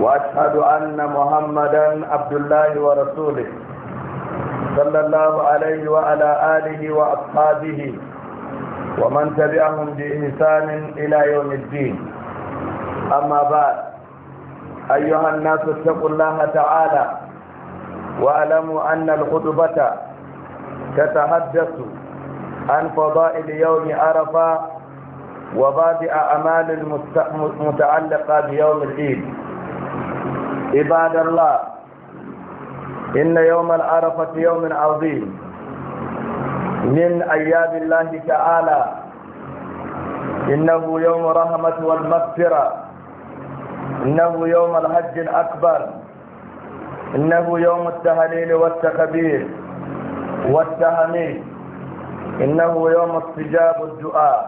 وأشهد أن محمدا عبد الله ورسوله صلى الله عليه وعلى آله وأصحابه ومن تبعهم بإحسان إلى يوم الدين أما بعد أيها الناس اتقوا الله تعالى واعلموا أن الخطبة تتحدث عن فضائل يوم عرفة وبادئ أعمال المتعلقة بيوم العيد عباد الله إن يوم العرفة يوم عظيم من أيام الله تعالى إنه يوم رحمة والمغفرة إنه يوم الحج الأكبر إنه يوم التهليل والتكبير والتهميل إنه يوم استجاب الدعاء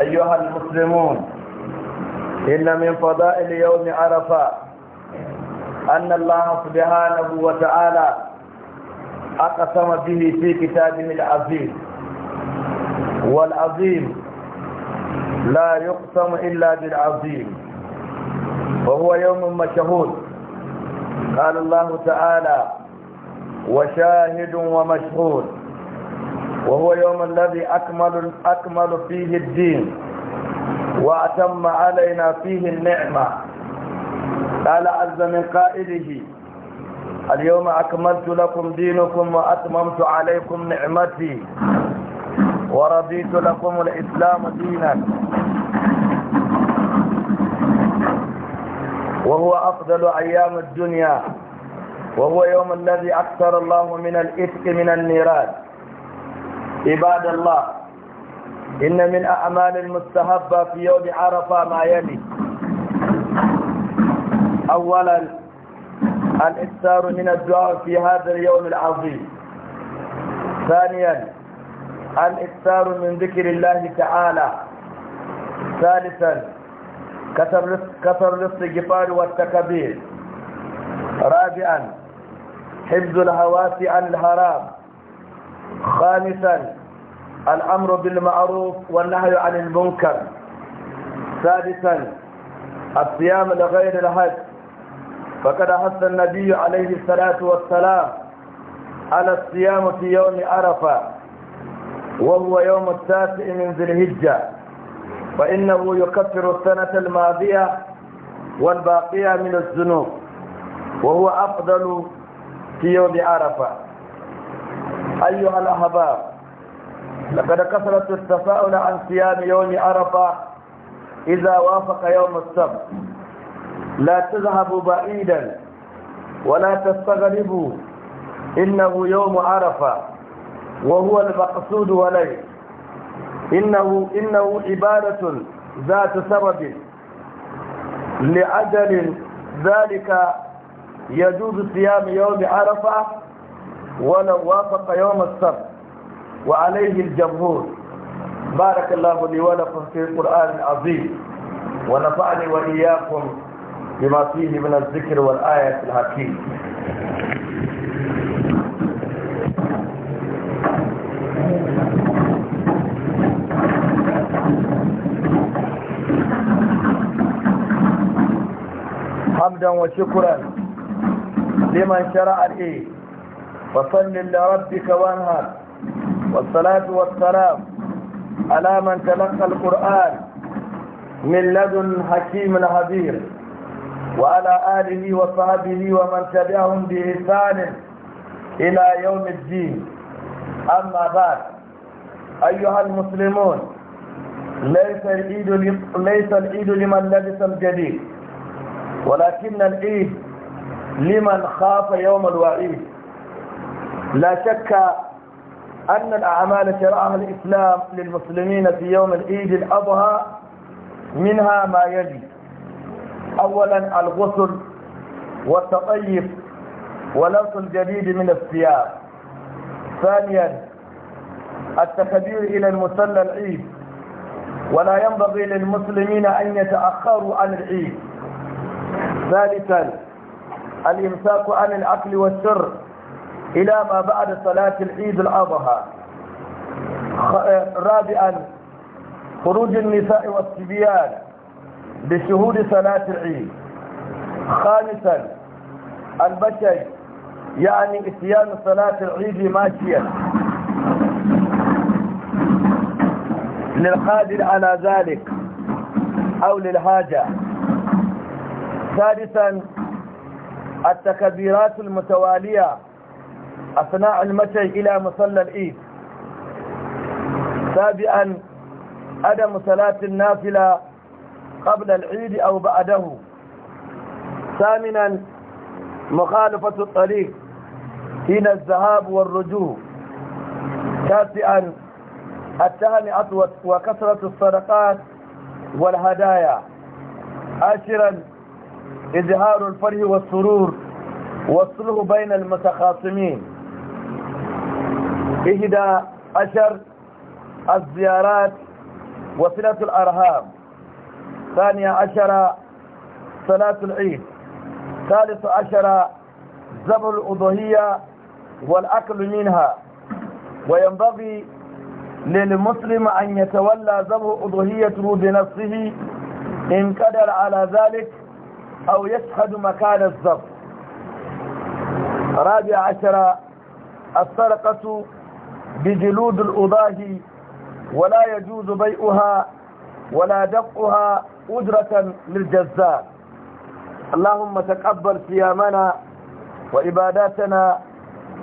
أيها المسلمون إن من فضائل يوم عرفة أن الله سبحانه وتعالى أقسم به في كتابه العظيم والعظيم لا يقسم إلا بالعظيم وهو يوم مشهود قال الله تعالى وشاهد ومشهود وهو يوم الذي أكمل, أكمل فيه الدين وأتم علينا فيه النعمة قال عز من قائله اليوم أكملت لكم دينكم وأتممت عليكم نعمتي ورضيت لكم الإسلام دينا وهو أفضل أيام الدنيا وهو يوم الذي أكثر الله من الإفق من النيران عباد الله إن من أعمال المستهبة في يوم عرفة ما يلي أولا الإكثار من الدعاء في هذا اليوم العظيم ثانيا الإكثار من ذكر الله تعالى ثالثا كثر الاستغفار والتكبير رابعا حفظ الهواس عن الحرام خامسا الأمر بالمعروف والنهي عن المنكر سادسا الصيام لغير الحج فقد حث النبي عليه الصلاة والسلام على الصيام في يوم عرفة وهو يوم التاسع من ذي الهجة فإنه يكفر السنة الماضية والباقية من الذنوب وهو أفضل في يوم عرفة أيها الأحباب لقد كثرت التفاؤل عن صيام يوم عرفة إذا وافق يوم السبت لا تذهبوا بعيدا ولا تستغربوا إنه يوم عرفة وهو المقصود عليه إنه, إنه عبادة ذات سبب لعدل ذلك يجوز صيام يوم عرفة ولو وافق يوم السبت وعليه الجمهور بارك الله لي ولكم في القرآن العظيم ونفعني وإياكم بما فيه من الذكر والآية الحكيم حمدا وشكرا لمن شرع الإيه وصل لربك وانهر والصلاة والسلام على من تلقى القرآن من لدن حكيم خبير وعلى آله وصحبه ومن تبعهم بإحسان إلى يوم الدين أما بعد أيها المسلمون ليس العيد ليس العيد لمن لبس الجديد ولكن العيد لمن خاف يوم الوعيد لا شك أن الأعمال شرعها الإسلام للمسلمين في يوم العيد الأضحى منها ما يجب أولا الغسل والتطيب ولبس الجديد من الثياب ثانيا التكبير إلى المصلى العيد ولا ينبغي للمسلمين أن يتأخروا عن العيد ثالثا الإمساك عن الأكل والشر إلى ما بعد صلاة العيد الأضحى آه، رابعا خروج النساء والصبيان بشهود صلاة العيد خامسا المشي يعني اتيان صلاة العيد ماشيا للقادر على ذلك أو للهاجة ثالثا التكبيرات المتوالية أثناء المشي إلى مصلى العيد سابعا عدم صلاة النافلة قبل العيد أو بعده ثامنا مخالفة الطريق حين الذهاب والرجوع تاسعا التهنئة وكثرة الصدقات والهدايا عاشرا إظهار الفرح والسرور والصلح بين المتخاصمين إحدى عشر الزيارات وصلة الأرهام ثاني عشر صلاة العيد ثالث عشر زب الأضحية والأكل منها وينبغي للمسلم أن يتولى زب أضحيته بنفسه إن قدر على ذلك أو يشهد مكان الزب رابع عشر السرقة بجلود الأضاهي ولا يجوز بيعها ولا دفعها أجرة للجزاء اللهم تقبل صيامنا وعباداتنا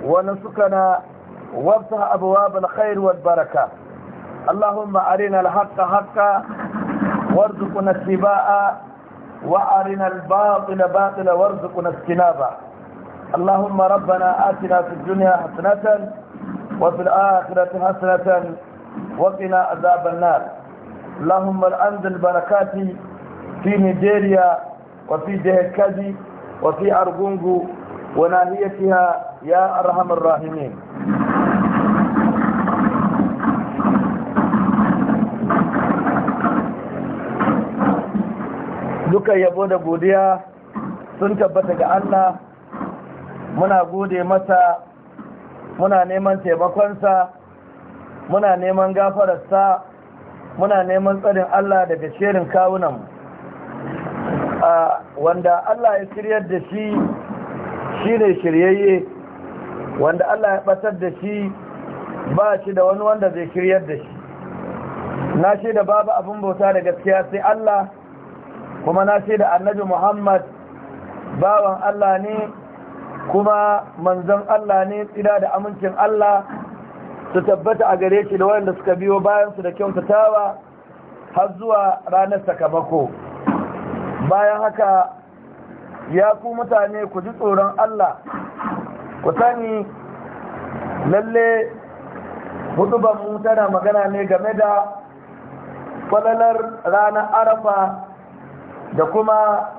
ونسكنا وابتها أبواب الخير والبركة اللهم أرنا الحق حقا وارزقنا السباء وأرنا الباطل باطلا وارزقنا اجتنابا اللهم ربنا آتنا في الدنيا حسنة وفي الآخرة حسنة وقنا عذاب النار اللهم الأنز البركات في نيجيريا وفي جهكدي وفي أرغونغو وناهيتها يا أرحم الراحمين duka yabo da godiya sun tabbata ga Allah muna gode masa muna neman taimakonsa muna neman gafararsa muna neman tsarin Allah daga shirin kawunan wanda Allah ya shiryar da shi shi ne shiryayye wanda Allah ya batar da shi ba shi da wani wanda zai shiryar da shi na shi da babu abin bauta da gaskiya sai Allah kuma na shi da annabi Muhammad bawan Allah ne kuma manzon Allah ne tsira da amincin Allah su tabbata a gare shi da waɗanda suka biyo bayansu da kyautatawa har zuwa ranar sakamako bayan haka ya ku mutane ku ji tsoron Allah ku sani lalle hudubanmu tana magana ne game da falalar ranar arafa da kuma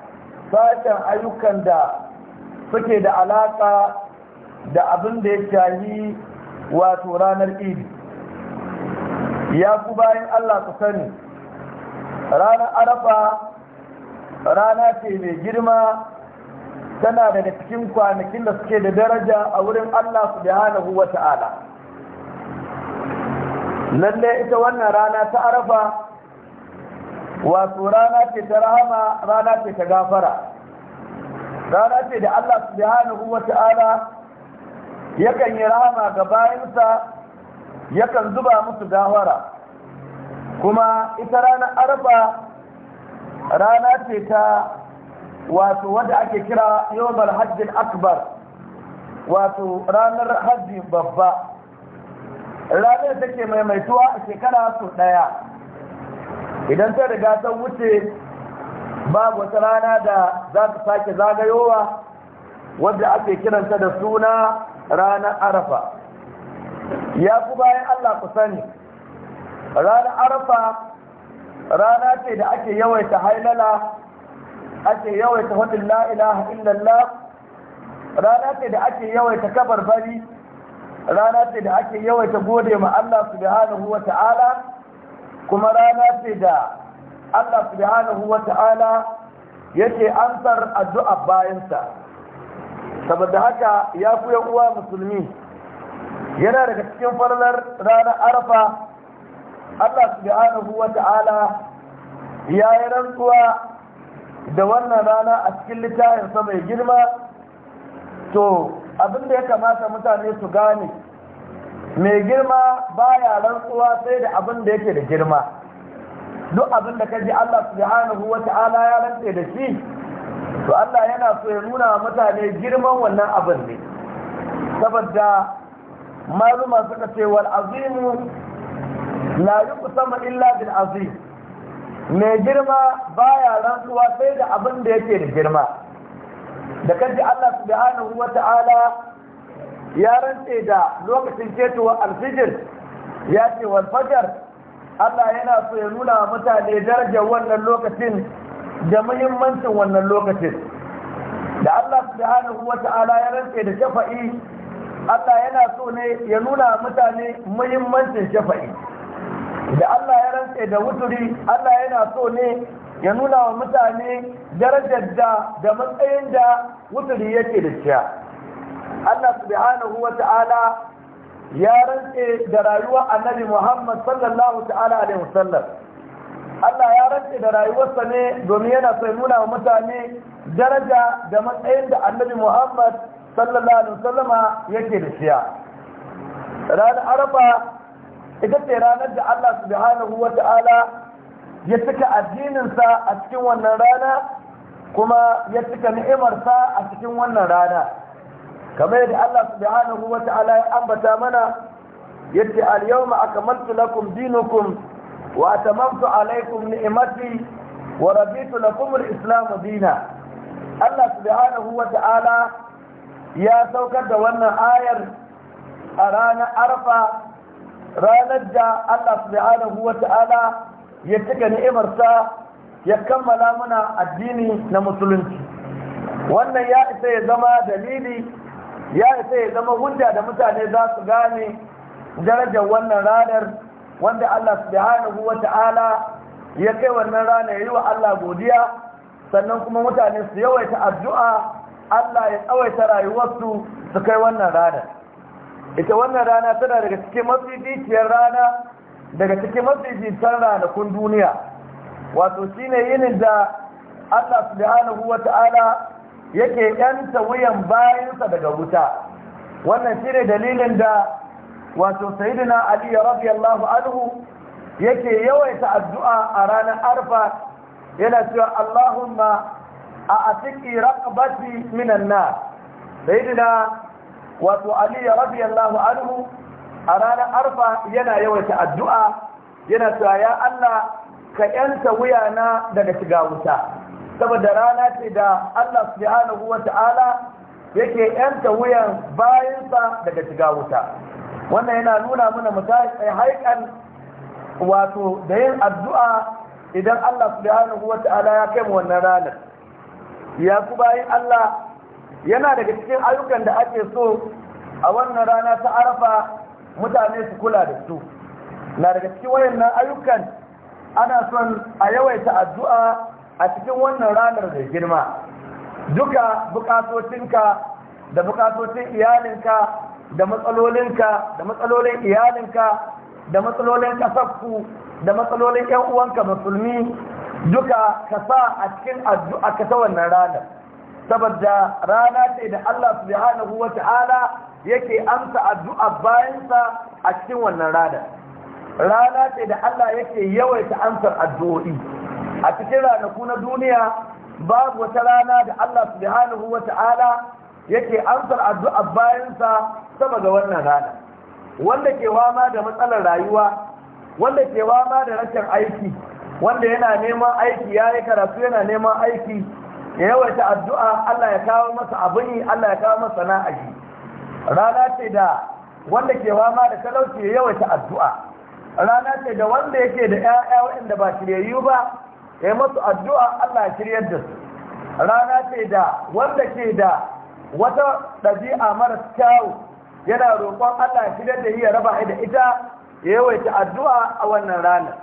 sashen ayyukan da suke da alaƙa da abin da ya shahi wato ranar idi ya ku bayan allah ku sani ranar arafa rana ce mai girma tana daga cikin kwanakin da suke da daraja a wurin allah subhanahu wa ta'ala lalle ita wannan rana ta arafa wato rana ce ta rahama rana ce ta gafara rana ce da allah subhanahu wa ta'ala yakan yi rahama ga bayansa yakan zuba musu gawara kuma ita ranar arba rana ce ta wato wadda ake kira Yomar hajjin akbar wato ranar hajji babba ranar take maimaituwa a shekara su daya idan ta riga ta wuce babu wata rana da za ta sake zagayowa wadda ake kiranta da suna ranar arafa ya fi bayan allah ku sani ranar arafa rana ce da ake yawaita hailala ake yawaita hudun la'ilaha illallah rana ce da ake yawaita kabar bari rana ce da ake yawaita gode ma allah subhanahu wa ta'ala kuma rana ce da allah subhanahu wa ta'ala yake ansar addu'a bayansa saboda haka ya fi uwa musulmi yana daga cikin farlar ranar arfa allah subhanahu wa ta'ala ya yi rantsuwa da wannan rana a cikin littafinsa mai girma to abinda ya kamata mutane su gane mai girma baya rantsuwa sai da abinda yake da girma duk abinda ka ji allah subhanahu wa ta'ala ya rantse da shi to Allah yana so ya nuna wa mutane girman wannan abin ne saboda maluma suka ce wal azimu la sama illa bil azim mai girma baya rantsuwa sai da abin da yake da girma da kanji Allah subhanahu Ta'ala ya rantse da lokacin cetuwa alfijir ya ce wal fajar Allah yana so ya nuna wa mutane darajar wannan lokacin da muhimmancin wannan lokacin da Allah subhanahu wata'ala ya rantse da shafa'i Allah yana so ne ya nuna mutane muhimmancin shafa'i da Allah ya rantse da wuturi Allah yana so ne ya nuna wa mutane darajar da da matsayin da wuturi yake da ciya Allah subhanahu wata'ala ya rantse da rayuwar annabi Muhammad sallallahu ta'ala alaihi wasallam Allah ya rantse da rayuwarsa ne domin yana sai nuna wa mutane daraja da matsayin da annabi Muhammad sallallahu alaihi wasallam yake da shi. ranar arafa ita ce ranar da Allah subhanahu wa ta'ala ya cika addininsa a cikin wannan rana kuma ya cika ni'imarsa a cikin wannan rana kamar yadda Allah subhanahu wa ya ambata mana yadda al-yawma akmaltu lakum dinakum wa tamamtu alaikum ni'mati wa raditu lakum al-islam dinan Allah subhanahu ya saukar da wannan ayar a ranar arfa ranar da Allah subhanahu wa ya cika ni'imarsa ya kammala muna addini na musulunci wannan ya isa ya zama dalili ya isa ya zama hujja da mutane za su gane darajar wannan ranar wanda Allah subhanahu wa ta'ala ya kai wannan rana ya yi wa Allah godiya sannan kuma mutane su yawaita addu'a Allah ya tsawaita rayuwarsu su kai wannan rana ita wannan rana tana daga cikin mafificiyar rana daga cikin mafificiyar ranakun duniya wato shine yinin da Allah subhanahu wa ta'ala yake yanta wuyan bayansa daga wuta wannan shine dalilin da wato sayyidina ali radiyallahu anhu yake yawaita addu'a a ranar arfa yana cewa Allahumma a atiki raqabati minan nar sayyidina wato ali radiyallahu anhu a ranar arfa yana yawaita addu'a yana cewa ya Allah ka yanta wuyana daga shiga wuta saboda rana ce da Allah subhanahu wata'ala yake yanta wuyan bayansa daga shiga wuta wannan yana nuna mana mu haikan wato da yin addu'a idan Allah subhanahu wata'ala ya kai mu wannan ranar ya ku bayin Allah yana daga cikin ayyukan da ake so a wannan rana ta arafa mutane su kula da su na daga cikin wayannan ayyukan ana son a yawaita addu'a a cikin wannan ranar da girma duka bukatotinka da bukatocin iyalinka da matsalolinka da matsalolin iyalinka da matsalolin kasafku da matsalolin yan uwanka musulmi duka ka sa a cikin addu'a ka ta wannan rana. saboda rana ce da Allah subhanahu wata'ala yake amsa addu'a bayansa a cikin wannan rana. rana ce da Allah yake yawaita amsar addu'o'i a cikin ranaku na duniya babu wata rana da Allah subhanahu wata'ala yake amsar addu'a bayansa sa saboda wannan rana wanda ke wama da matsalar rayuwa wanda ke wama da rashin aiki wanda yana neman aiki ya yi karatu yana neman aiki ya yawaita addu'a Allah ya kawo masa abin yi Allah ya kawo masa na'aji rana ce da wanda ke wama da talauci ya yawaita addu'a rana ce da wanda yake da ‘ya'ya waɗanda ba shiryayyu ba ya masu addu'a Allah ya shiryar da su rana ce da wanda ke da wata ɗabi'a mara kyawu yana roƙon Allah shi da ya raba da ita ya yawaita addu'a a wannan rana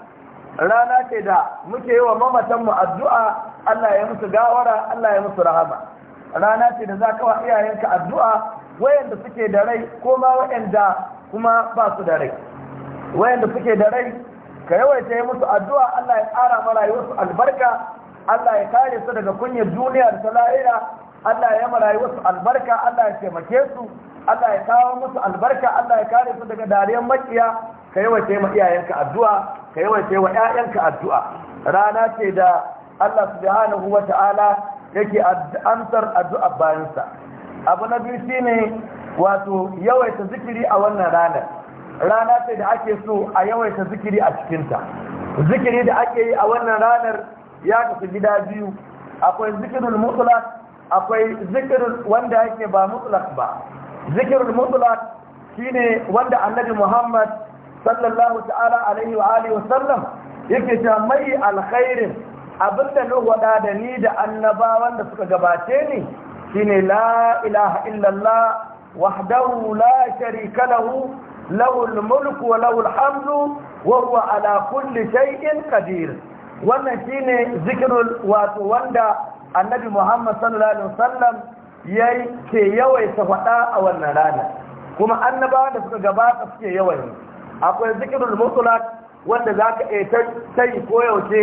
rana ce da muke yi wa mamatanmu addu'a Allah ya musu gawara Allah ya musu rahama rana ce da za ka wa iyayenka addu'a wayanda suke da rai ko ma wayanda kuma ba su da rai wayanda suke da rai ka yawaita yi musu addu'a Allah ya ƙara ma rayuwarsu albarka Allah ya kare su daga kunyar duniya da ta Allah ya marayi wasu albarka Allah ya taimake su Allah ya kawo musu albarka Allah ya kare su daga dariyar makiya ka yawace ma iyayenka addu'a ka yawace wa ƴaƴanka addu'a rana ce da Allah subhanahu wa ta'ala yake amsar addu'a bayansa abu na biyu shine wato yawaita zikiri a wannan ranar rana ce da ake so a yawaita zikiri a cikin ta zikiri da ake yi a wannan ranar ya kasu gida biyu akwai zikirul mutlaq akwai zikir wanda yake ba mutlak ba zikirul mutlak shine wanda annabi Muhammad sallallahu ta'ala alaihi wa alihi wasallam yake ta mai alkhairin abinda na wada da ni da annabawan da suka gabace ni shine la ilaha illallah wahdahu la sharika lahu mulku wa lahul hamdu wa huwa ala kulli shay'in qadir wannan shine zikirul wato wanda annabi muhammad sallallahu alaihi wasallam yayi ke yawaita faɗa a wannan rana kuma annabawa da suka gabata suke yawai akwai zikirul musulat wanda zaka iya tai ko koyaushe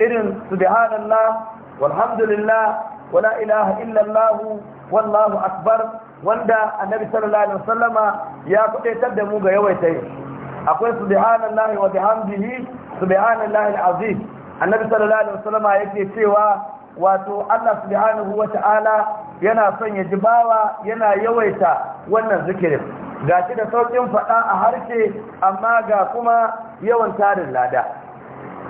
irin subhanallah walhamdulillah wala ilaha illa allah wallahu akbar wanda annabi sallallahu alaihi wasallama ya kudaitar da mu ga yawaita akwai subhanallahi wa bihamdihi subhanallahi alazim annabi sallallahu alaihi wasallama yake cewa wato Allah subhanahu wata'ala yana son ya ji bawa yana yawaita wannan zikirin ga shi da saukin faɗa a harshe amma ga kuma yawan tarin lada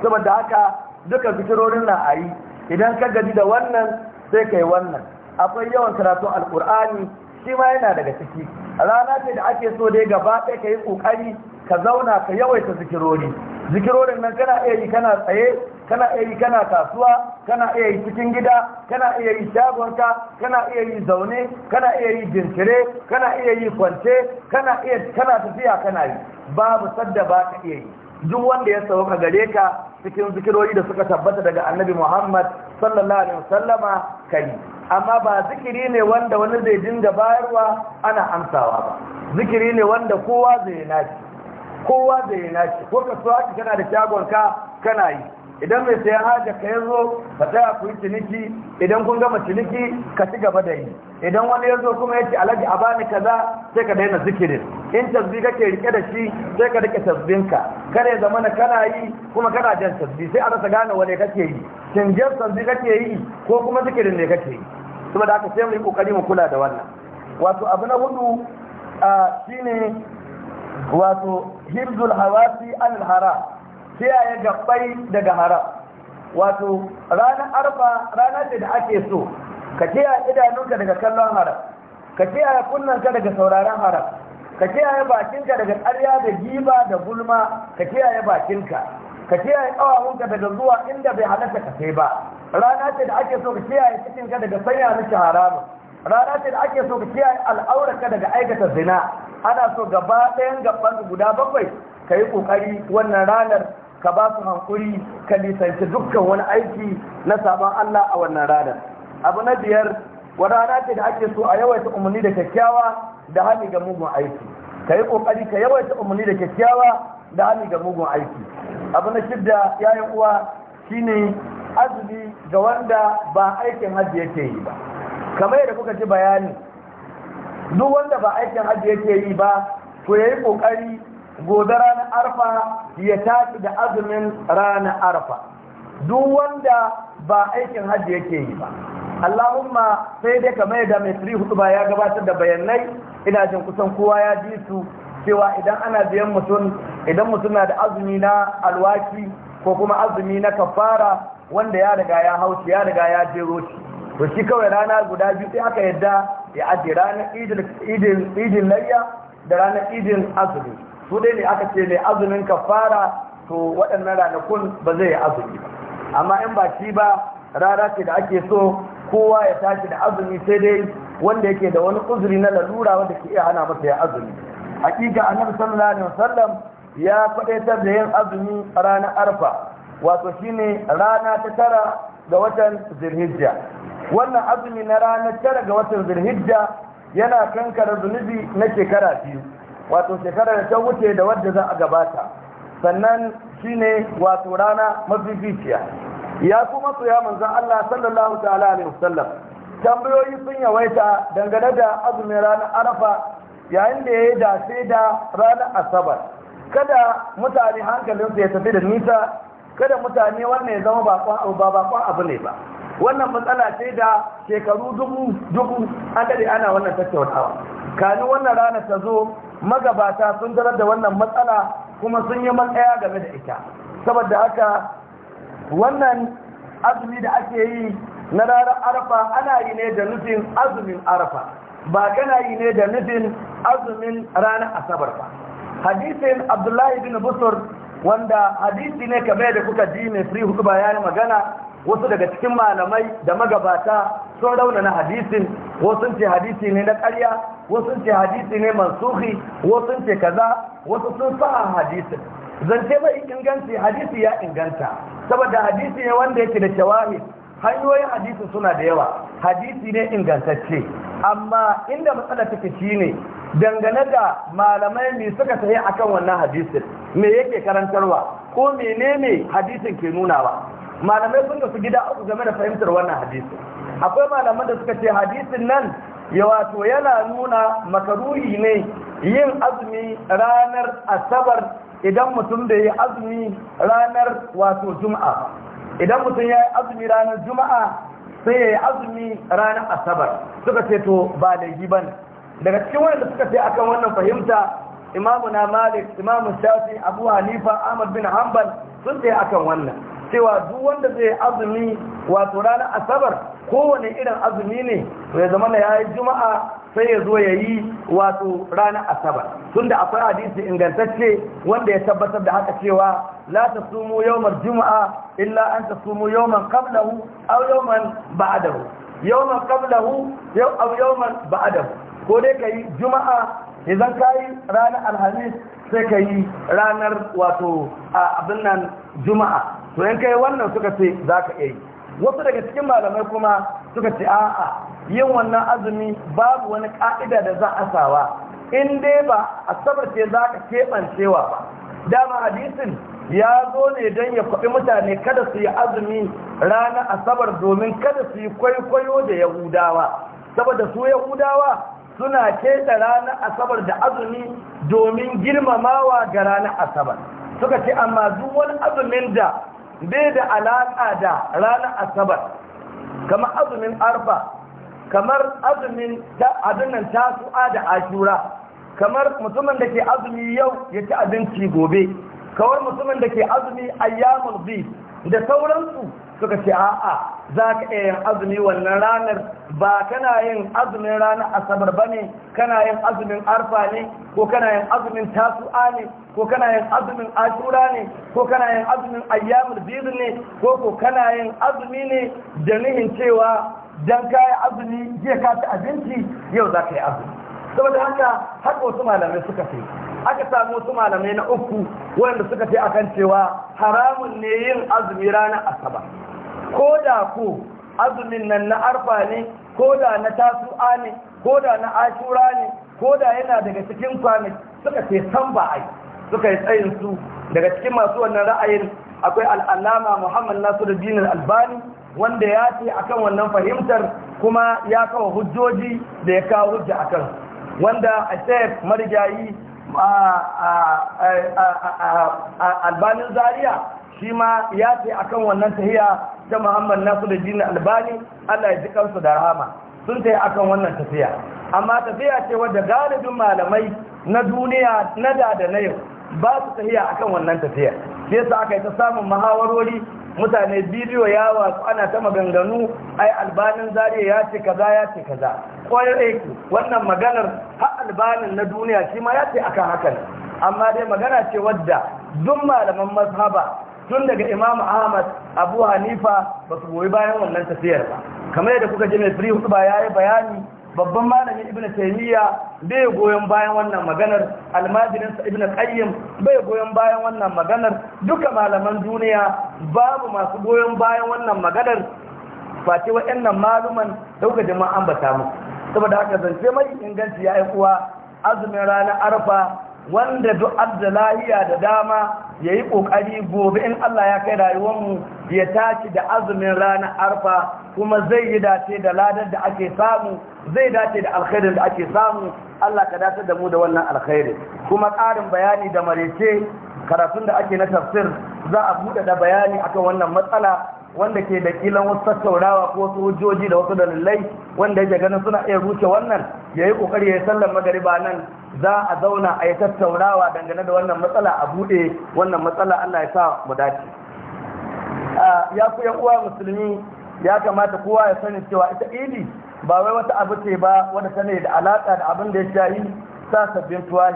saboda haka duka zikirorin na a yi idan ka gaji da wannan sai ka yi wannan akwai yawan karatu alkur'ani shi ma yana daga ciki rana ce da ake so dai gaba ɗaya ka yi ƙoƙari ka zauna ka yawaita zikirori zikirorin nan kana iya yi kana tsaye kana iya yi kana kasuwa kana iya yi cikin gida kana iya yi shagonka kana iya yi zaune kana iya yi jinkire kana iya yi kwance kana iya kana tafiya kana yi babu sadda ba ka iya yi duk wanda ya sauka gare ka cikin zikirori da suka tabbata daga annabi muhammad sallallahu alaihi wasallama kai amma ba zikiri ne wanda wani zai dinga bayarwa ana amsawa ba zikiri ne wanda kowa zai yi nashi kowa zai yi nashi ko ka kana da shagonka kana yi idan mai sayan haja ka yazo ka tsaya ku yi ciniki idan kun gama ciniki ka ci gaba da yi idan wani yazo kuma ya ce alaji a bani kaza sai ka daina zikirin in tasbi kake rike da shi sai ka rike tasbinka kada ya zama kana yi kuma kana jan tasbi sai a rasa gane wane kake yi shin jan tasbi kake yi ko kuma zikirin ne kake yi saboda haka sai mu yi kokari mu kula da wannan wato abu na hudu a shine wato hibzul hawasi al haram kiyaye gabbai daga haram wato ranar arfa ranar da ake so ka kiyaye idanunka daga kallon haram ka kiyaye kunnanka daga sauraron haram ka kiyaye bakinka daga ƙarya da giba da gulma ka kiyaye bakinka ka kiyaye ƙawawunka daga zuwa inda bai halatta ka sai ba rana ce da ake so ka kiyaye cikinka daga sanya miki shahararru, rana ce da ake so ka kiyaye al'aurarka daga aikata zina ana so gaba ɗayan gaban guda bakwai ka yi ƙoƙari wannan ranar ka ba su hankuri ka nisanci dukkan wani aiki na saban Allah a wannan rana abu na biyar rana ce da ake so a yawaita umarni da kyakkyawa da hali ga mugun aiki ka yi ƙoƙari ka yawaita umarni da kyakkyawa da hali ga mugun aiki abu na shidda yayin uwa shi ne azumi ga wanda ba aikin hajji yake yi ba kamar yadda kuka ji bayani duk wanda ba aikin hajji yake yi ba to ya yi ƙoƙari. gobe ranar arfa ya tasi da azumin rana arfa duk wanda ba aikin hajji yake yi ba Allahumma sai dai ka kamar da mai tsiri hudu ba ya gabatar da bayanai ina jin kusan kowa ya ji su cewa idan ana biyan mutum idan mutum na da azumi na alwaki ko kuma azumi na kafara wanda ya riga ya hauci ya riga ya jero shi to shi kawai rana guda biyu sai aka yadda ya ajiye ranar idin layya da ranar idin azumi su dai ne aka ce mai azumin kafara to waɗannan ranakun ba zai yi azumi ba amma in ba shi ba rana ce da ake so kowa ya tashi da azumi sai dai wanda yake da wani uzuri na lalura wanda ke iya hana masa ya azumi hakika annabi sallallahu alaihi wasallam ya faɗaitar da yin azumi ranar arfa wato shine rana ta tara ga watan zulhijja wannan azumi na rana tara ga watan zulhijja yana kankara zunubi na shekara biyu wato shekarar da ta wuce da wadda za a gabata sannan shine wato rana mafificiya ya kuma tsaya manzon Allah sallallahu ta'ala alaihi wasallam tambayoyi sun yawaita dangane da azumin ranar arafa yayin da ya yi dace da ranar asabar kada mutane hankalin su ya tafi da nisa kada mutane wannan ya zama bakon abu ba bakon abu ne ba wannan matsala ce da shekaru dubu dubu an dade ana wannan tattaunawa kani wannan rana ta zo magabata sun tarar da wannan matsala kuma sun yi matsaya game da ita saboda haka wannan azumi da ake yi na ranar arafa ana yi ne da nufin azumin arafa ba kana yi ne da nufin azumin ranar asabar ba hadisin abdullahi bin busur wanda hadisi ne kamar da kuka ji mai free ya yi magana wasu daga cikin malamai da magabata sun rauna na hadisin wasu ce hadisi ne na karya, wasu ce hadisi ne mansuhi wasu ce kaza wasu sun sa hadisin zance mai inganci hadisi ya inganta saboda hadisi ne wanda yake da shawahi hanyoyin hadisi suna da yawa hadisi ne ingantacce amma inda matsala take shine dangane da malamai ne suka sayi akan wannan hadisin me yake karantarwa ko menene hadisin ke nunawa malamai sun su gida uku game da fahimtar wannan hadisi akwai malaman da suka ce hadisin nan ya wato yana nuna makaruri ne yin azumi ranar asabar idan mutum da ya azumi ranar wato juma'a idan mutum ya yi azumi ranar juma'a sai ya yi azumi ranar asabar suka ce to ba laifi ba daga cikin wanda suka ce akan wannan fahimta imamu na malik imamu shafi abu hanifa ahmad bin hanbal sun ce akan wannan cewa duk wanda zai azumi wato ranar asabar kowane irin azumi ne to ya zama na yayi juma'a sai ya zo ya yi wato ranar asabar tunda akwai hadisi ingantacce wanda ya tabbatar da haka cewa la ta sumo yawmar juma'a illa an ta sumo yawman qablahu au yawman ba'adahu yawman qablahu au yawman ba'adahu ko dai ka yi juma'a idan yi ranar alhamis sai ka yi ranar wato abin nan juma'a to yan kai wannan suka ce za ka iya yi wasu daga cikin malamai kuma suka ce a'a yin wannan azumi babu wani ka'ida da za a sawa in dai ba asabar ce za ka keɓancewa ba dama hadisin ya zo ne don ya kwaɓi mutane kada su yi azumi ranar asabar domin kada su yi kwaikwayo da yahudawa saboda su yahudawa suna keɗa ranar asabar da azumi domin girmamawa ga ranar asabar suka ce amma duk wani azumin da bai da alaƙa da ranar asabar kamar azumin arfa kamar azumin abin nan tasu'a da ashura kamar mutumin da ke azumi yau ya ci abinci gobe kawar mutumin da ke azumi ayyamul bi da sauransu suka ce a'a za ka iya yin azumi wannan ranar ba kana yin azumin ranar asabar ba ne kana yin azumin arfa ne ko kana yin azumin tasu'a ne ko kana yin azumin ashura ne ko kana yin azumin ayyamar biyu ne ko ko kana yin azumi ne da nihin cewa dan yi azumi jiya ka ci abinci yau za ka yi azumi saboda haka haka wasu malamai suka ce aka samu wasu malamai na uku wanda suka ce akan cewa haramun ne yin azumi ranar asaba ko da ko azumin nan na arfa ne ko da na tasu'a ne ko da na ashura ne ko da yana daga cikin kwami suka ce san ba ai suka yi tsayin su daga cikin masu wannan ra'ayin akwai al'alama muhammad nasiruddin albani wanda ya ce akan wannan fahimtar kuma ya kawo hujjoji da ya kawo hujja akan wanda a chef marigayi albanin Zariya shi ma ya ce kan wannan tahiya ta muhammad nasu da jini albani allah ya ji kansu da rahama sun ta yi akan wannan tafiya amma tafiya ce wadda galibin malamai na duniya na da da na yau ba su tahiya akan wannan tafiya sai sa aka yi ta samun mahawarori mutane bidiyo ya wasu ana ta maganganu ai albanin zariya ya ce kaza ya ce kaza kwayar aiki wannan maganar har albanin na duniya shi ma ya ce akan hakan amma dai magana ce wadda duk malaman mazhaba tun daga imamu ahmad abu hanifa ba su goyi bayan wannan tafiyar ba kamar yadda kuka ji mai firi hudu ya yi bayani babban malamin ibn taymiya bai goyon bayan wannan maganar almajirin sa ibn qayyim bai goyon bayan wannan maganar duka malaman duniya babu masu goyon bayan wannan maganar face waɗannan maluman dauka an bata mu saboda haka zance mai inganci ya kuwa azumin ranar arfa wanda duk da lahiya da dama ya yi ƙoƙari gobe in Allah ya kai rayuwarmu ya tashi da azumin ranar arfa kuma zai yi dace da ladar da ake samu zai dace da alkhairin da ake samu Allah ka dace da mu da wannan alkhairin kuma ƙarin bayani da marece karatun da ake na tafsir za a buɗe da bayani akan wannan matsala wanda ke da kilan wasu tattaunawa ko wasu hujjoji da wasu dalilai wanda yake ganin suna iya ruce wannan ya yi ƙoƙari ya yi sallar magariba nan za a zauna a yi tattaunawa dangane da wannan matsala a buɗe wannan matsala Allah ya sa mu dace ah, ya ku yan uwa musulmi ya kamata kowa ya sani cewa ita idi ba wai wata abu ce ba wanda tana da alaka da abin da ya shayi sa sabbin tuwai.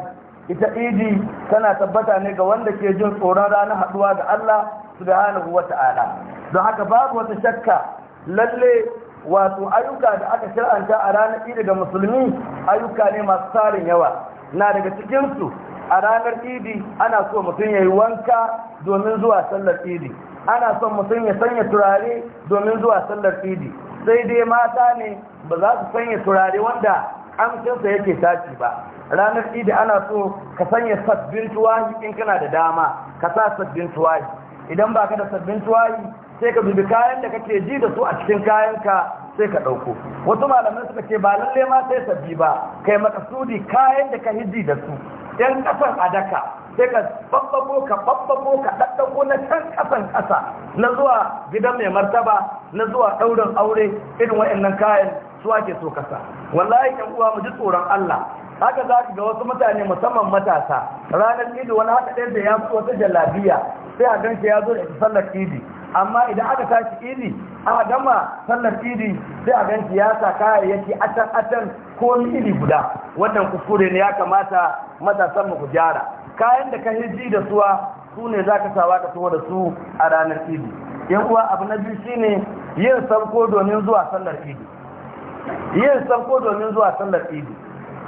ita idi tana tabbata ne ga wanda ke jin tsoron ranar haduwa ga Allah subhanahu wata'ala don haka babu wata shakka lalle wato ayyuka da aka shir'anta a ranar idi ga musulmi ayyuka ne masu tsarin yawa na daga cikinsu a ranar idi ana so mutum ya yi wanka domin zuwa sallar idi ana son mutum ya sanya turare domin zuwa sallar idi sai dai mata ne ba za su sanya turare wanda amcinsa yake tashi ba ranar idi ana so ka sanya sabbin tuwahi in kana da dama ka sa sabbin tuwahi idan ba ka da sabbin tuwahi sai ka dubi kayan da kake ji da su a cikin kayanka sai ka ɗauko wasu malamai suka ce ba lallai ma sai sabbi ba kai makasudi kayan da ka hiji da su yan ƙasan a daka sai ka babbabo ka babbabo ka daddako na can kasan ƙasa, na zuwa gidan mai martaba na zuwa ɗaurin aure irin waɗannan kayan su ake so kasa wallahi yan uwa mu ji tsoron Allah haka za ka ga wasu mutane musamman matasa ranar idi wani haka ɗaya da ya fi wata jalabiya sai a ganke ya zo da sallar idi amma idan aka tashi idi a gama sallar idi sai a ganci ya sa kayayyaki atan atan ko mili guda wannan kuskure ne ya kamata matasan mu ku gyara kayan da ka hiji da suwa su ne za ka sawa ka tuwa da su a ranar idi yan uwa abu na biyu shine yin sabko domin zuwa sallar idi yin sabko domin zuwa sallar idi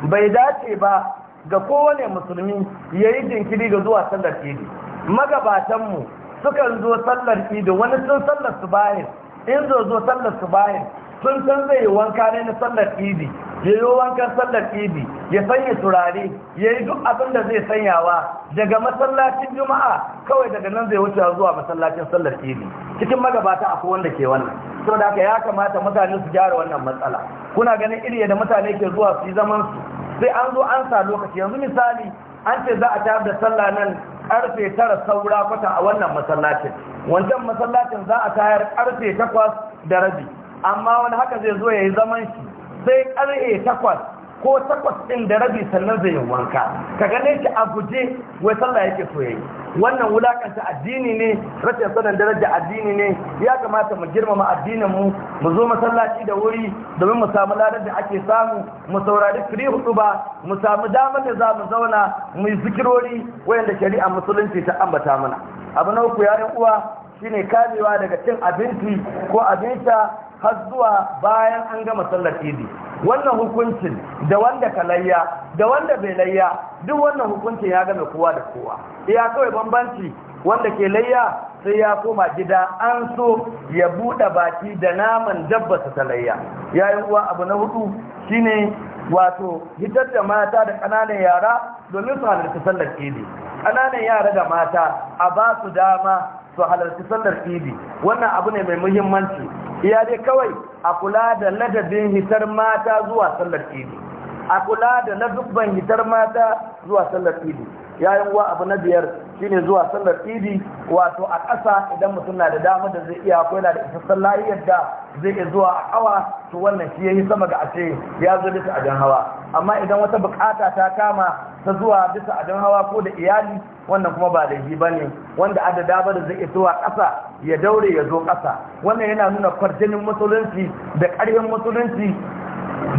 bai dace ba ga kowane musulmi ya yi jinkiri ga zuwa sallar idi magabatanmu sukan zo sallar idu wani sun sallar su bayan in zo zo sallar su bayan sun san zai yi wanka ne na sallar idi ya yi wankan sallar idi ya sanya turare ya yi duk abin da zai sanyawa daga masallacin juma'a kawai daga nan zai wuce zuwa masallacin sallar idi cikin magabata akwai wanda ke wannan sau da ya kamata mutane su gyara wannan matsala kuna ganin iri da mutane ke zuwa su yi zaman su sai an zo an sa lokaci yanzu misali an ce za a tayar da sallah nan karfe tara saura kwata a wannan masallacin wancan masallacin za a tayar karfe takwas da rabi amma wani haka zai zo ya yi zaman shi sai karfe takwas ko takwas ɗin da rabi sannan zai yin wanka ka gane shi a guje wai sallah yake so yayi wannan wulakanta addini ne rashin sanin daraja addini ne ya kamata mu girmama addinin mu mu zo masallaci da wuri domin mu samu ladar da ake samu mu saurari firi hudu ba mu samu damar da za mu zauna mu yi zikirori wayanda shari'a musulunci ta ambata mana abu na uku yayin uwa shine kamewa daga cin abinci ko abinta har zuwa bayan an gama sallar idi wannan hukuncin da wanda ka layya da wanda bai layya duk wannan hukuncin ya game kowa da kowa iya kawai bambanci wanda ke layya sai ya koma gida an so ya buɗe baki da naman dabbasa ta layya yayin uwa abu na hudu shine wato hitar da mata da kananan yara domin su halarci sallar idi Kananan yara da mata a ba su dama su halarci sallar idi wannan abu ne mai muhimmanci iya dai kawai a kula da ladabin hitar mata zuwa sallar idi a kula da ladubban hitar mata zuwa sallar idi yayin wa abu na biyar shine zuwa sallar idi wato a ƙasa idan mutum na da dama da zai iya ko da isassan lahiyar da zai iya zuwa a awa to wannan shi yayi sama ga ace ya zo bisa a jan hawa amma idan wata bukata ta kama ta zuwa bisa a jan hawa ko da iyali wannan kuma ba da ba ne wanda a da dama da zai iya zuwa ƙasa ya daure ya zo ƙasa wannan yana nuna kwarjinin musulunci da ƙarfin musulunci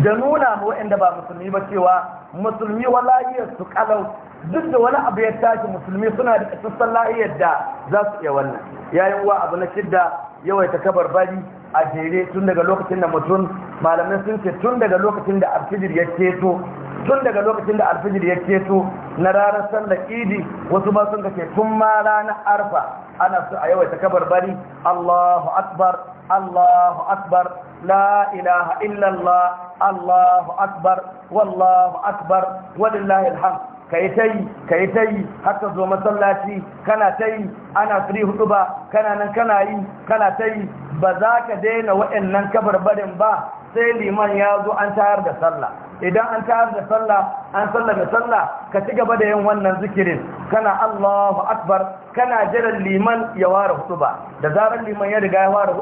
da nuna waɗanda ba musulmi ba cewa musulmi wa lahiyar su kalau duk da wani abu ya tashi musulmi suna da ƙasar sallahi da za su iya wannan yayin wa abu na shidda yawaita kabar bari a jere tun daga lokacin da mutum malamai sun ce tun daga lokacin da alfijir ya keto tun daga lokacin da alfijir ya keto na ranar sallar idi wasu ma sun kace tun ma ranar arfa ana su a yawaita kabar bari allahu akbar allahu akbar la ilaha illallah allahu akbar wallahu akbar walillahi alhamd kai ta yi kai ta yi har zo masallaci kana ta yi ana firi hudu ba kana nan kana yi kana ta yi ba za ka daina waɗannan kabarbarin ba sai liman ya zo an tayar da sallah idan an tayar da sallah an sallah da sallah ka ci gaba da yin wannan zikirin kana Allahu akbar kana jiran liman ya ware ba, da zarar liman ya riga ya ware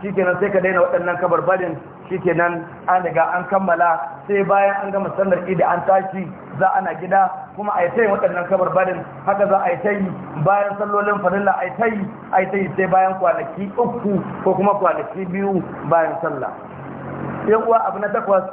ke nan sai ka daina waɗannan kabarbarin nan an riga an kammala sai bayan an gama sallar idi an tashi za ana gida kuma a yi ta yi waɗannan kabarbarin haka za a yi ta yi bayan sallolin farilla a yi ta a yi ta yi sai bayan kwanaki uku ko kuma kwanaki biyu bayan sallah yan uwa abu na takwas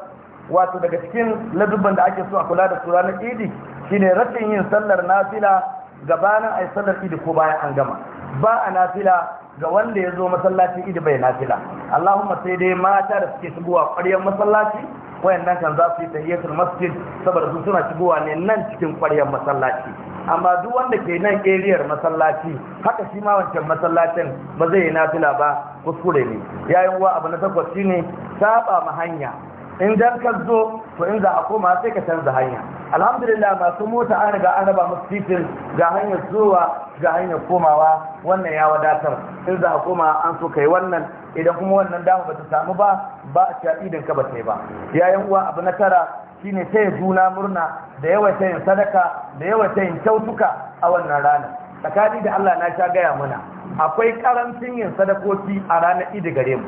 wato daga cikin ladubban da ake so a kula da su ranar idi shine rashin yin sallar nafila gabanin a yi sallar idi ko bayan an gama ba a nafila ga wanda ya zo masallacin idi bai nafila allahumma sai dai mata da suke shigowa ƙwaryar masallaci wayannan kan za su yi tahiyatul masjid saboda su suna shigowa ne nan cikin ƙwaryar masallaci amma duk wanda ke nan eriyar masallaci haka shi ma wancan masallacin ba zai yi nafila ba kuskure ne yayin wa abu na takwas shine saba ma hanya in dan ka zo to in za a koma sai ka canza hanya alhamdulillah masu mota an riga an raba musu titin ga hanyar zuwa ga hanyar komawa wannan ya wadatar in za a koma an so kai wannan idan kuma wannan dama ba ta samu ba ba a cikin idan ka ba ta yi ba yayan uwa abu na tara shine taya juna murna da yawan sadaka da yawan tayin kyautuka a wannan rana tsakani da Allah na sha gaya muna akwai karancin yin sadakoki a ranar idi gare mu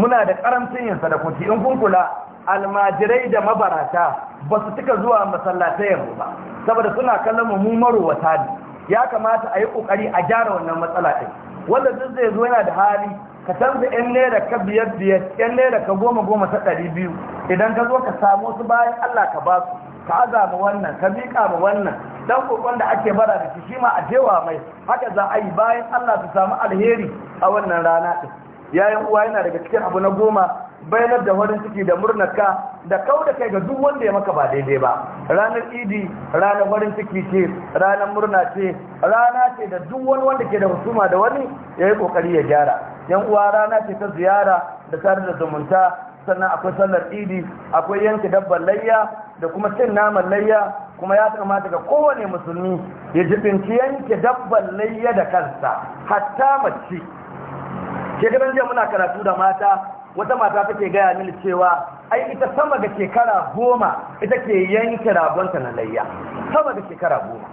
muna da karancin yin sadakoki in kun kula almajirai da mabarata ba su cika zuwa masallatai yanzu ba saboda suna kallon mu wata ne ya kamata a yi kokari a gyara wannan matsala ɗin wanda duk zai zo yana da hali ka canza yan naira ka biyar biyar yan naira ka goma goma ta ɗari biyu idan ka zo ka samu su bayan allah ka ba su ka azama wannan ka miƙa ma wannan dan kokon da ake bara da shi ma a jewa mai haka za a yi bayan allah su samu alheri a wannan rana ɗin yayan uwa yana daga cikin abu na goma bayanar da warin ciki da murnar ka da kau da kai ga duk wanda ya maka ba daidai ba ranar idi ranar farin ciki ce ranar murna ce rana ce da duk wani wanda ke da husuma da wani ya yi kokari ya gyara yan uwa rana ce ta ziyara da tare da zumunta sannan akwai sallar idi akwai yanke dabban layya da kuma cin naman layya kuma ya kamata ga kowane musulmi ya jibinci yanke dabban layya da kansa hatta mace shekaran jiya muna karatu da mata wata mata take gaya mini cewa ai ita sama ga shekara goma ita ke yanke ragonta na layya sama ga shekara goma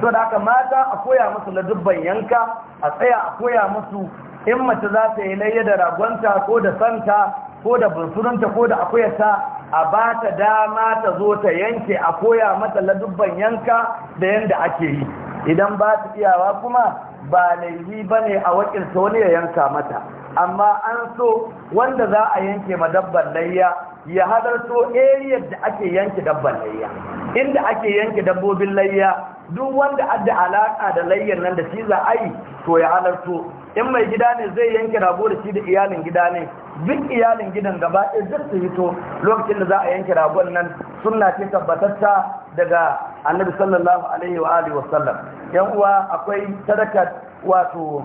so da aka mata a koya musu na dubban yanka a tsaya a koya musu in mace za ta yi layya da ragonta ko da santa ko da bunsurunta ko da akuyarta a ba ta dama ta zo ta yanke a koya mata ladubban yanka da yanda ake yi idan ba ta iyawa kuma ba laifi ba ne a wakil wani ya yanka mata amma an so wanda za a yanke ma dabban layya ya so eriyar da ake yanke dabban layya inda ake yanke dabbobin layya duk wanda adda alaƙa da layyan nan da shi za a yi to ya halarto in mai gida ne zai yanke rago da shi da iyalin gida ne duk iyalin gidan gaba ɗaya duk su fito lokacin da za a yanke ragon nan suna ce tabbatatta daga annabi sallallahu alaihi wa alihi wasallam yan uwa akwai sadaka wato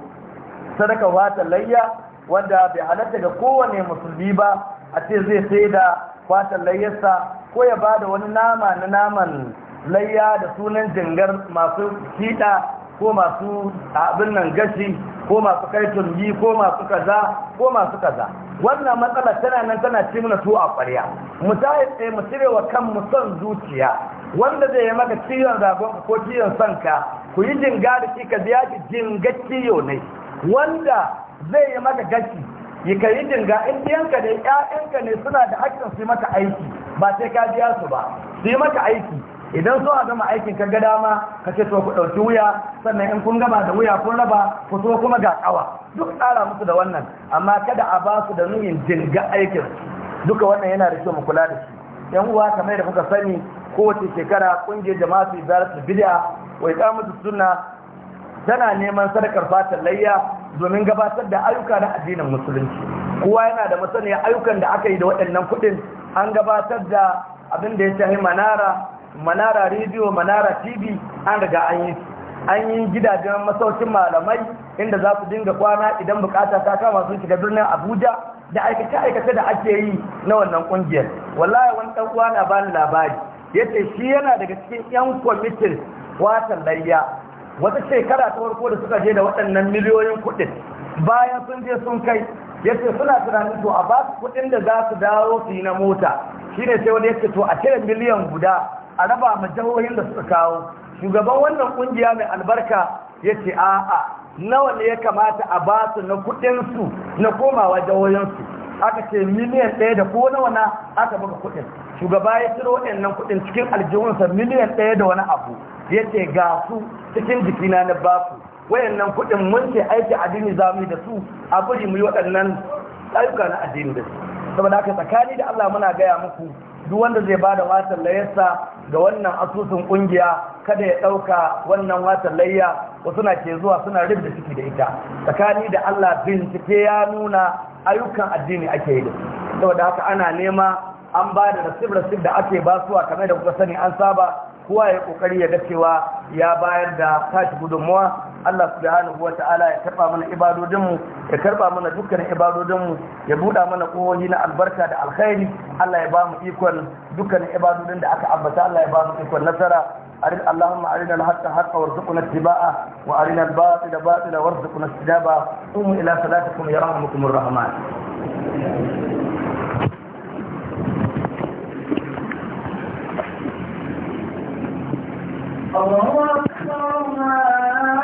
sadaka wata layya wanda bai halatta ga kowane musulmi ba a ce zai sai da fatan layyarsa ko ya bada wani nama na naman layya da sunan jingar masu kiɗa ko masu abin nan gashi ko masu kai yi ko masu kaza ko masu kaza wannan matsala tana nan tana ci mana su a ƙwarya mu tayi mu cire wa kan mu son zuciya wanda zai yi maka ciwon zagon ko ciwon son ka ku yi jinga da shi ka biya ki jinga ciwo ne wanda zai yi maka gashi yi ka yi jinga in ɗiyanka ne ƴaƴanka ne suna da haƙƙin su yi maka aiki ba sai ka biya su ba su yi maka aiki idan so a gama aikin ka ga dama ka ce to ku ɗauki wuya sannan in kun gama da wuya kun raba ku so kuma ga kawa duk tsara musu da wannan amma kada a ba su da nuyin dinga aikin duka wannan yana da kyau mu kula da shi yan uwa kamar da kuka sani kowace shekara kungiyar su izalatu bid'a wa mutu sunna tana neman sadakar fatan layya domin gabatar da ayyuka na addinin musulunci kowa yana da masaniya ayyukan da aka yi da waɗannan kuɗin an gabatar da abin da ya shahi manara manara rediyo manara tv an riga an yi an yi gidajen masaukin malamai inda za su dinga kwana idan bukata ta kama sun shiga birnin abuja da aikace-aikace da ake yi na wannan kungiyar wallahi wani ɗan uwa na bani labari yace shi yana daga cikin yan kwamitin watan layya wata shekara ta farko da suka je da waɗannan miliyoyin kuɗin bayan sun je sun kai yace suna tunanin to a ba su kuɗin da za su dawo su yi na mota shine sai wani yace to a cire miliyan guda a raba ma jihohin da suka kawo shugaban wannan kungiya mai albarka ya ce a'a nawa ne ya kamata a ba su na kudinsu na komawa jihohinsu aka ce miliyan ɗaya da ko wana aka buga kudin shugaba ya ciro waɗannan kudin cikin aljihunsa miliyan ɗaya da wani abu ya ce ga su cikin jikina na ba su Waɗannan kudin mun ce aiki addini za mu yi da su a buri mu yi waɗannan ayyuka na addini da su saboda haka tsakani da Allah muna gaya muku duk wanda zai ba da watan layarsa ga wannan asusun kungiya kada ya ɗauka wannan watan layya wasu na ke zuwa suna rib da ciki da ita tsakani da Allah bincike ya nuna ayyukan addini ake yi da saboda haka ana nema an ba da nasib da ake basuwa kamar da kuka sani an saba kowa ya kokari ya ga cewa ya bayar da tashi gudunmuwa Allah subhanahu ta'ala ya karba mana ibadodinmu ya karba mana dukkanin ibadodinmu ya buɗa mana kohohi na albarka da alkhairi Allah ya ba mu ikon dukkanin ibadodin da aka ambata Allah ya ba mu ikon nasara أرد اللهم أرنا الحق حقا وارزقنا اتباعه وأرنا الباطل باطلا وارزقنا اجتنابه قوموا إلى صلاتكم يرحمكم الرحمن ọ̀rọ̀ wọn